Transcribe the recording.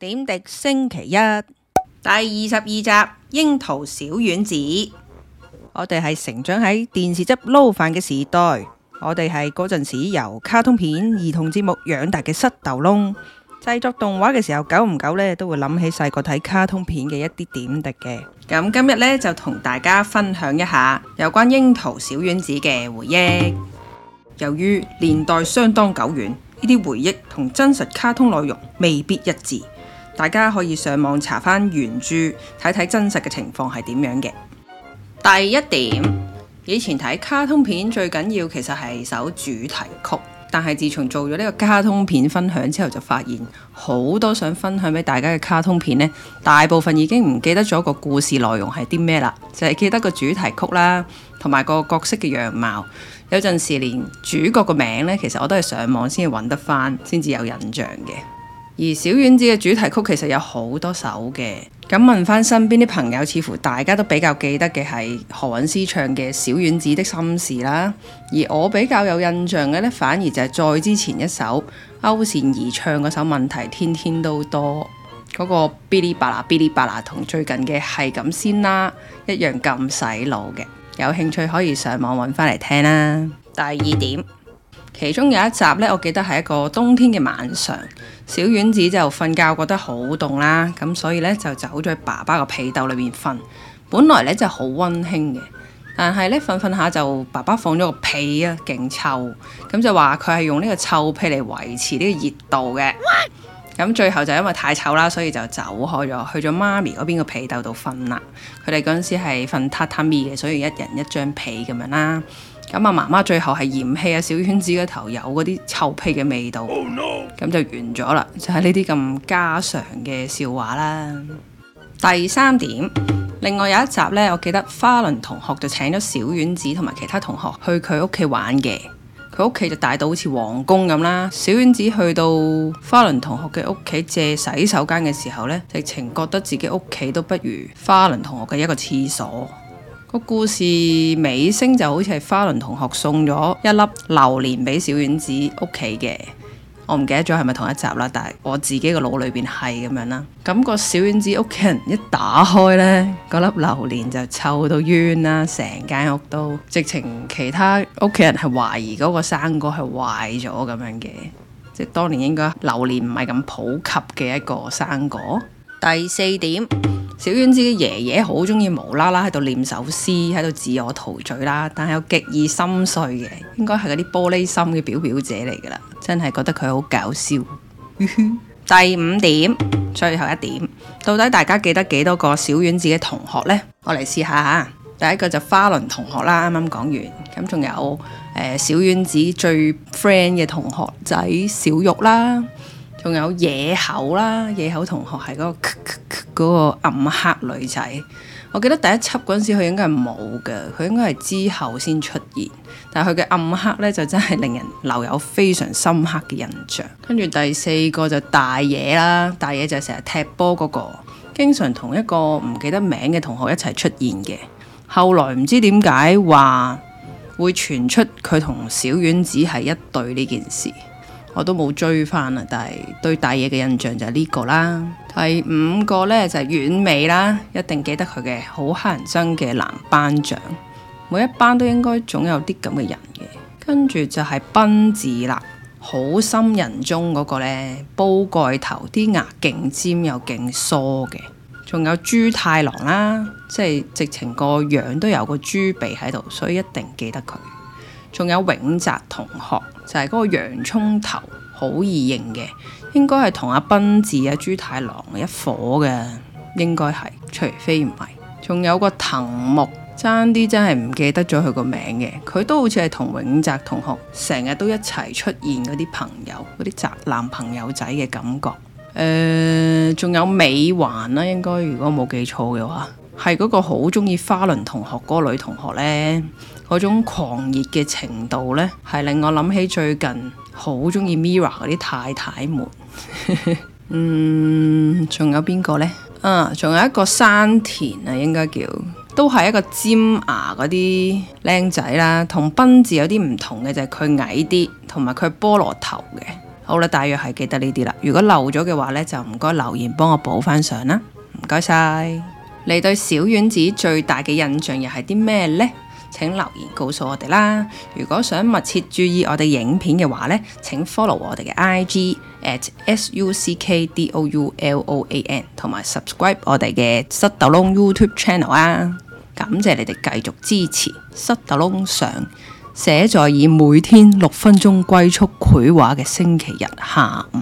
點滴星期一第二十二集《櫻桃小丸子》， 我哋係成長喺電視汁撈飯嘅時代，我哋係嗰陣時由卡通片、兒童節目養大嘅失斗窿。製作動畫嘅時候，久唔久呢，都會諗起細個睇卡通片嘅一啲點滴嘅。咁今日呢，就同大家分享一下有關《櫻桃小丸子》嘅回憶。由於年代相當久遠，呢啲回憶同真實卡通內容未必一致。大家可以上網查翻原著，睇睇真實嘅情況係點樣嘅。第一點，以前睇卡通片最緊要其實係首主題曲，但係自從做咗呢個卡通片分享之後，就發現好多想分享俾大家嘅卡通片呢，大部分已經唔記得咗個故事內容係啲咩啦，就係記得個主題曲啦，同埋個角色嘅樣貌。有陣時連主角個名呢，其實我都係上網先揾得翻，先至有印象嘅。而小丸子嘅主題曲其實有好多首嘅，咁問翻身邊啲朋友，似乎大家都比較記得嘅係何韻詩唱嘅《小丸子的心事》啦。而我比較有印象嘅呢，反而就係再之前一首歐倩怡唱嗰首《問題天天都多》那個，嗰個嗶哩吧啦嗶哩吧啦，同最近嘅係咁先啦，一樣咁洗腦嘅。有興趣可以上網揾翻嚟聽啦。第二點。其中有一集咧，我記得係一個冬天嘅晚上，小丸子就瞓覺覺得好凍啦，咁所以咧就走咗去爸爸嘅被竇裏面瞓。本來咧就好溫馨嘅，但係咧瞓瞓下就爸爸放咗個被啊，勁臭，咁就話佢係用呢個臭被嚟維持呢個熱度嘅。咁最後就因為太臭啦，所以就走開咗，去咗媽咪嗰邊嘅被竇度瞓啦。佢哋嗰陣時係瞓榻榻米嘅，所以一人一張被咁樣啦。咁啊，媽媽最後係嫌棄啊，小丸子嗰頭有嗰啲臭屁嘅味道，咁，oh, no. 就完咗啦。就係呢啲咁家常嘅笑話啦。第三點，另外有一集呢，我記得花輪同學就請咗小丸子同埋其他同學去佢屋企玩嘅。佢屋企就大到好似皇宮咁啦。小丸子去到花輪同學嘅屋企借洗手間嘅時候呢，直情覺得自己屋企都不如花輪同學嘅一個廁所。個故事尾聲就好似係花輪同學送咗一粒榴蓮俾小丸子屋企嘅，我唔記得咗係咪同一集啦，但係我自己個腦裏邊係咁樣啦。咁個小丸子屋企人一打開呢，嗰粒榴蓮就臭到冤啦，成間屋都直情其他屋企人係懷疑嗰個生果係壞咗咁樣嘅，即當年應該榴蓮唔係咁普及嘅一個生果。第四點。小丸子嘅爺爺好中意無啦啦喺度唸首詩，喺度自我陶醉啦，但係又極易心碎嘅，應該係嗰啲玻璃心嘅表表姐嚟噶啦，真係覺得佢好搞笑嘩嘩。第五點，最後一點，到底大家記得幾多個小丸子嘅同學呢？我嚟試下嚇，第一個就花輪同學啦，啱啱講完，咁仲有誒、呃、小丸子最 friend 嘅同學仔——小玉啦。仲有野口啦，野口同學係嗰個嗰個暗黑女仔。我記得第一輯嗰陣時，佢應該係冇嘅，佢應該係之後先出現。但係佢嘅暗黑呢，就真係令人留有非常深刻嘅印象。跟住第四個就大野啦，大野就成日踢波嗰個，經常同一個唔記得名嘅同學一齊出現嘅。後來唔知點解話會傳出佢同小丸子係一對呢件事。我都冇追翻啦，但係對大嘢嘅印象就係呢個啦。第五個呢就係、是、丸尾啦，一定記得佢嘅好乞人憎嘅男班長，每一班都應該總有啲咁嘅人嘅。跟住就係濱治啦，好心人中嗰個呢，煲蓋頭啲牙勁尖又勁疏嘅。仲有豬太郎啦，即係直情個樣都有個豬鼻喺度，所以一定記得佢。仲有永澤同學。就係嗰個洋葱頭，好易認嘅，應該係同阿賓治啊、豬太郎一伙嘅，應該係，除非唔係。仲有個藤木，爭啲真係唔記得咗佢個名嘅，佢都好似係同永澤同學成日都一齊出現嗰啲朋友、嗰啲宅男朋友仔嘅感覺。誒、呃，仲有美環啦，應該如果冇記錯嘅話。係嗰個好中意花輪同學嗰個女同學呢，嗰種狂熱嘅程度呢，係令我諗起最近好中意 Mira 嗰啲太太們。 嗯，仲有邊個呢？啊，仲有一個山田啊，應該叫都係一個尖牙嗰啲靚仔啦。同賓字，就是，有啲唔同嘅就係佢矮啲，同埋佢菠蘿頭嘅。好啦，大約係記得呢啲啦。如果漏咗嘅話呢，就唔該留言幫我補返相啦。唔該晒。你對小丸子最大嘅印象又係啲咩呢？請留言告訴我哋啦！如果想密切注意我哋影片嘅話呢，請 follow 我哋嘅 I G at suckdoulan 同埋 subscribe 我哋嘅失豆龍 YouTube channel 啊！感謝你哋繼續支持失豆龍上寫在以每天六分鐘快速繪畫嘅星期日下午。